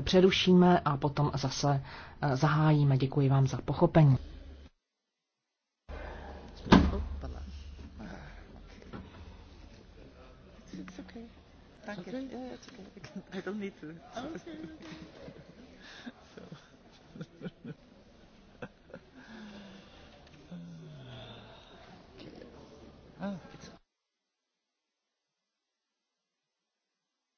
přerušíme a potom zase eh, zahájíme. Děkuji vám za pochopení. Oh.